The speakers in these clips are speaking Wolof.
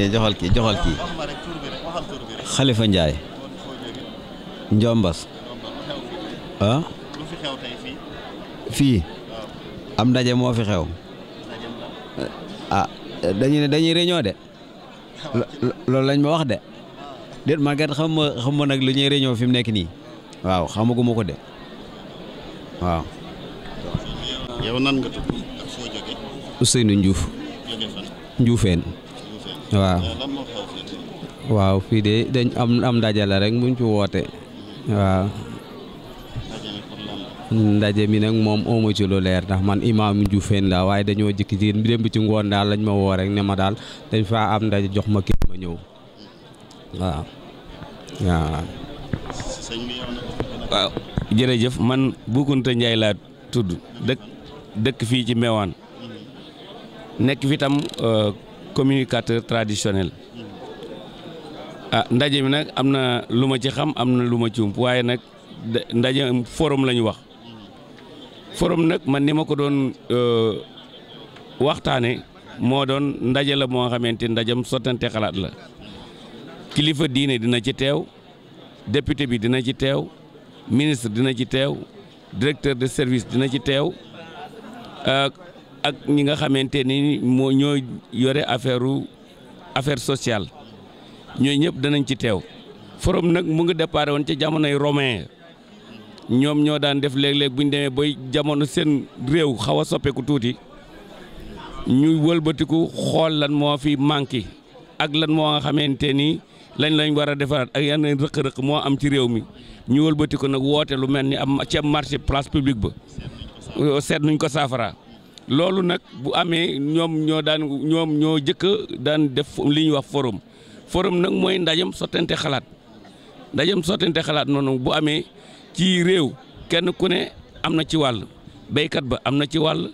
kee joxal kii joxal kii Xalifa Njaay Njombas fii am ndaje moo fi xew ah dañuy ne dañuy réunion de loolu lañ ma wax de déet man xam ma xam ma nag lu ñuy réunion fi mu nekk nii waaw xamaguma ko de waaw. yow nan nga tudd ak waaw fii de dañ am am ndaje la rekk muñ fi woote waaw ndaje mi nag moom omo ci lu leer ndax man imaam Juufeen la waaye dañoo jikki ci démb ci ngoon daal lañ ma woo rek ne ma daal dañ faa am ndaje jox ma kii ma ñëw waaw waaw waaw jërëjëf man Boukounta Ndiaye laa tudd dëkk fii ci Mewane mm-hmm. nekk fi tam euh, communicateur traditionnel ah ndaje mi nag am na lu ma ci xam am na lu ma ci ump waaye nag ndaje forum la ñu wax forum nag man ni ma ko doon euh, waxtaane moo doon ndaje la moo xamante ndajam sottante xalaat la kilifa diine dina ci teew député bi dina ci teew ministre dina ci teew directeur de service dina ci teew ak ñi nga xamante ni moo ñoo yore affaire affaire sociale ñooy ñëpp danañ ci teew forum nag mu ngi déparé woon ca jamonoy romain ñoom ñoo daan def léeg-léeg bu ñu demee bay jamono seen réew xaw a soppeeku tuuti ñu wëlbatiku xool lan moo fi manqué ak lan moo nga xamante ni lañ lañ war a defaraat ak yenn rëq-rëq moo am ci réew mi ñu wëlbatiku nag woote lu mel ni am ca marché place publique ba seet nuñ ko saafara loolu nag bu amee ñoom ñoo daan ñoom ñoo jëkk daan def li ñuy wax forom forom nag mooy ndajam sottante xalaat ndajam sottante xalaat noonu bu amee ci réew kenn ku ne am na ci wàll béykat ba am na ci wàll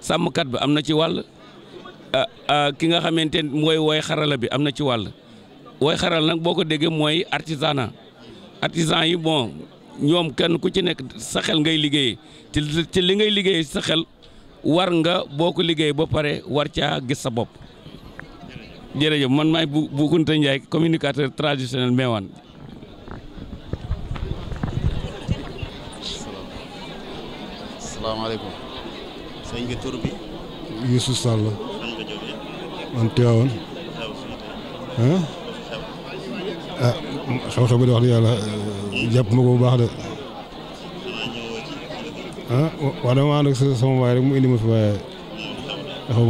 sàmmkat ba am na ci wàll ah, ah, ki nga xamante ne mooy woy xarala bi am na ci wàll woy xarala nag boo ko déggee mooy artisanat artisan yi bon ñoom kenn ku ci nekk sa xel ngay liggéeyee te li ngay liggéeyee sa xel. war nga boo ko liggéey ba pare war caa gis sa bopp jërëjëf man maay bu Boucounta Ndiaye communicateur traditionnel Mewane salaamaaleykum sëñ bi tur ah xew-xew bi de wax dëgg yàlla hmm? jàpp ma ko bu baax de ah wax dama ànd ak sama waay rek mu indi ma fi waaye dafa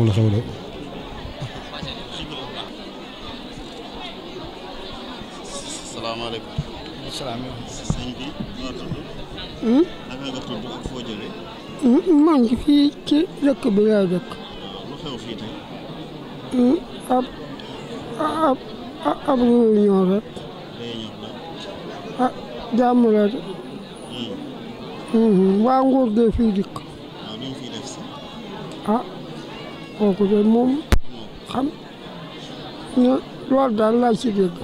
mën ngi fii ci dëkk bi laa dëkk. ab ab ab réunion rek. ah jàmm la Mmh, waa nguur gee fii dikk ah kooku de moom xam ne loolu daal laa ci dégg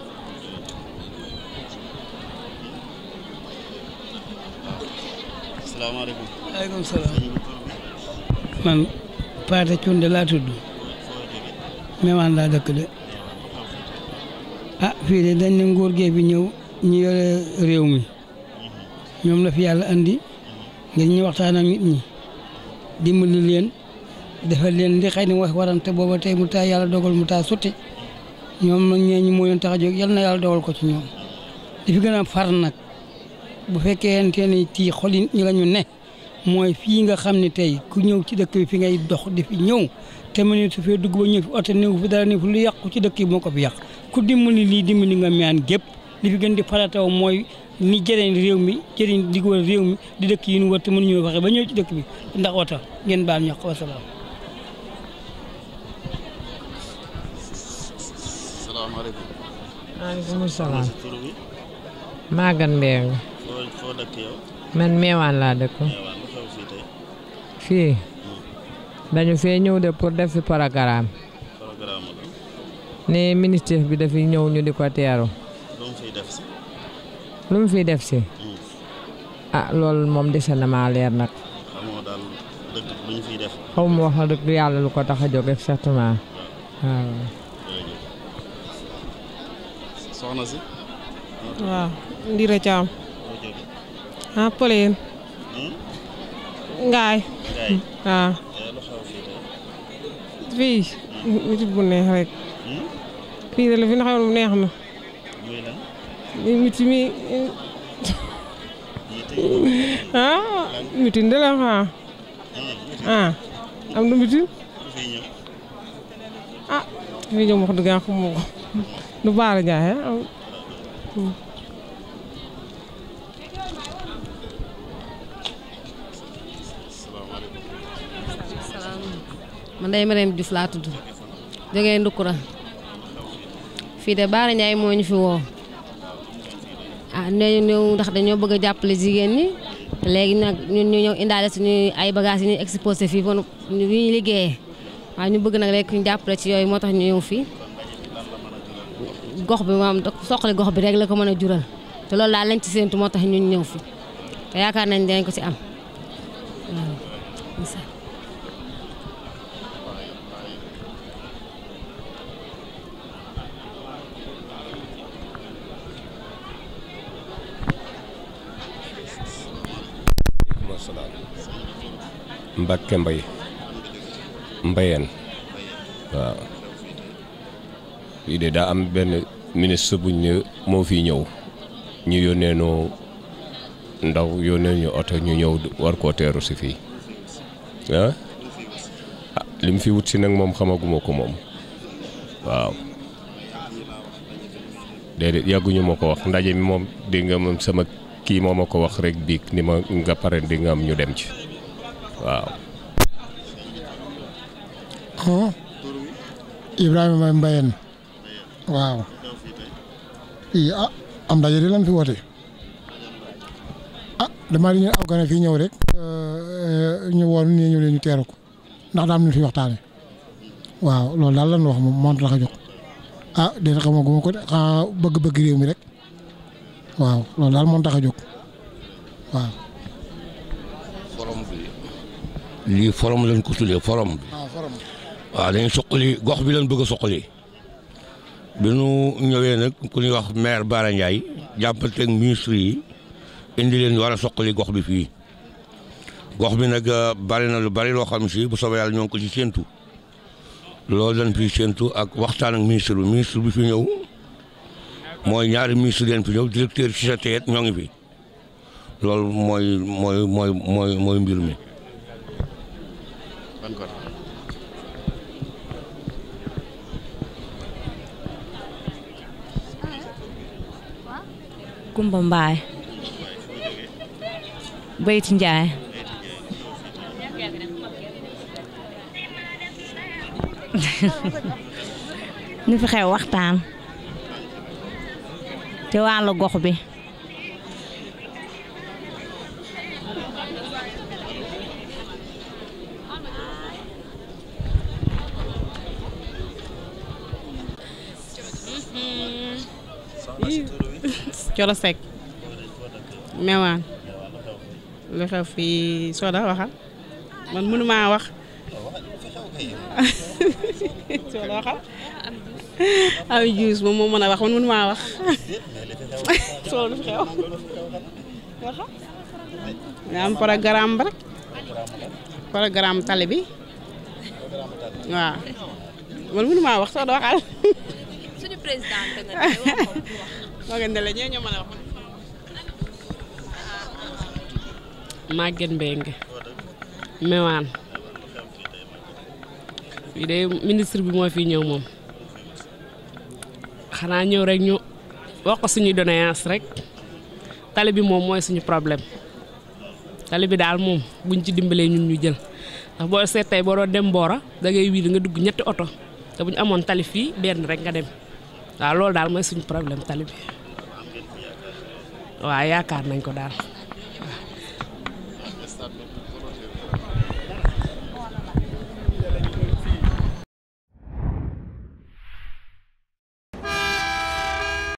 salaamaaleykum aleykum salaam man laa tudd Mewane laa dëkk de ah fii de dañ ne nguur gee fi ñëw ñu yore réew mi ñoom la fi yàlla andi ngir ñu waxtaan ak nit ñi dimbali leen defal leen li xëy na wax warante booba tey mu taa yàlla dogal mu taa sotti ñoom nag ñee ñi moo leen tax a jóg yal na yàlla dogal ko ci ñoom li fi gën a far nag bu fekkente ni ci xol yi ñu la ne mooy fii nga xam ni tey ku ñëw ci dëkk bi fi ngay dox di ñëw te mu ne su fee dugg ba ñëw fi oto néew fi dara néew fi lu yàqu ci dëkk bi moo ko fi yàq ku dimbali lii dimbali nga ñaan gépp li fi gën di farataw mooy mi jëriñ réew mi jëriñ di ko réew mi di dëkk yi ñu mën te mënuñoo waxe ba ñëw ci dëkk bi ndax oto ngeen baal ñaq wasalaam. salaamaaleykum. maaleykum salaam. Maguette Mbengue. foo Meewaan laa dëkk. fii. Hmm. dañu fee ñëw de pour def fi programme. ne ministre bi dafi ñëw ñu di ko teeru. lu mu fiy def si. ah loolu moom dese na maa leer nag. xamoo daal xaw ma yàlla lu ko tax a jóg exactement waaw. soxna si. waaw Ndira Thiam. ah hmm? Ngaay. waaw. Ah. Eh, fii. Hmm. nit bu neex rek. Hmm? fii de la fi ñu xawoon neex na. mitimi ah mitin de ah, am na mitin ah fi ñëw wax dëgg yàlla xamu ko du baara jaay ah. man day Marème Diouf laa tudd Ndukura fii de Baara Ndiaye moo ñu fi woo. ah nee ñëw ndax dañoo bëgg a jàppale jigéen ni léegi nag ñun ñu ñëw indaale si suñu ay bagages yi ñuy exposé fii bon ñu ñuy liggéeyee waaw ñu bëgg nag rek ñu jàppale ci yooyu moo tax ñu ñëw fii gox bi maam soqali gox bi rek la ko mën a jural te loolu daal lañ ci séentu moo tax ñun ñëw fi te yaakaar nañ dañ ko ci am Mbacke Mbay Mbayeen waaw fii de daa am benn ministre buñ ne moo fi ñëw ñu yónnee ndaw yónnee ñu oto ñu ñëw war koo teeru si fii ah, ah li mu fi wut nag moom xamaguma ko moom waaw déedéet yàgguñu ma ko wax ndaje mi moom dégg nga moom sama kii moom ma ko wax rek biig ni ma nga pare di nga am ñu dem ci waaw. ah Ibrahima Mbayeen waaw. fii ah am ndaje di lan fi woote. ah damaa di ñu aw gane fii ñëw rek. Euh, euh, ñu woon ni ñëw leen ñu teeru ko ndax daa am ñu fi waxtaane waaw loolu daal lan wax moom moo tax a jóg ah dina xamaguma ko de xanaa bëgg-bëgg réew mi rek. waaw loolu daal moom tax a jóg waaw. forom bi lii forom lañ ko tuddee forom bi. waaw ah, forom waaw dañuy gox bi lañ bëgg a soqali. bi nu ñëwee nag ku ñuy wax maire Bara Ndiaye jàppanteeg ministre yi indi leen war a soqali gox bi fii gox bi nag euh, bari na lu bari loo xam si bu soobee yàlla ñoo ngi ko ci séentu loolu dañ fi séentu ak waxtaan ak ministre bi ministre bi fi ñëw. mooy ñaari ministre leen fi ñëw directeur ci sa teet ñoo fi loolu mooy mooy mooy mooy mbir mi. Kumba Mbaay Bayti Njaay nu fi xew waxtaan ci wàllu gox bi Coro Seck Mewane lu xew waxal man mënumaa wax Soda waxal am juus moom moo a wax man mënumaa wax loolu xew nga xam nga am programme ba rek programme tali bi waaw man mënu maa wax sax doo xal suñu président nga ne la ñee ñoo mën a wax Maguette Mbengue Mewane fii de ministre bi moo fi ñëw moom xanaa ñëw rek ñu wax ko suñuy doléance rek tali bi moom mooy suñu problème tali bi daal moom buñ ci dimbalee ñun ñu jël ndax boo seet tey boo doon dem Mboro da ngay wiiri nga dugg ñetti oto te bu ñu amoon tali fii denn rek nga dem waaw loolu daal mooy suñu problème tali bi waa yaakaar nañ ko daal.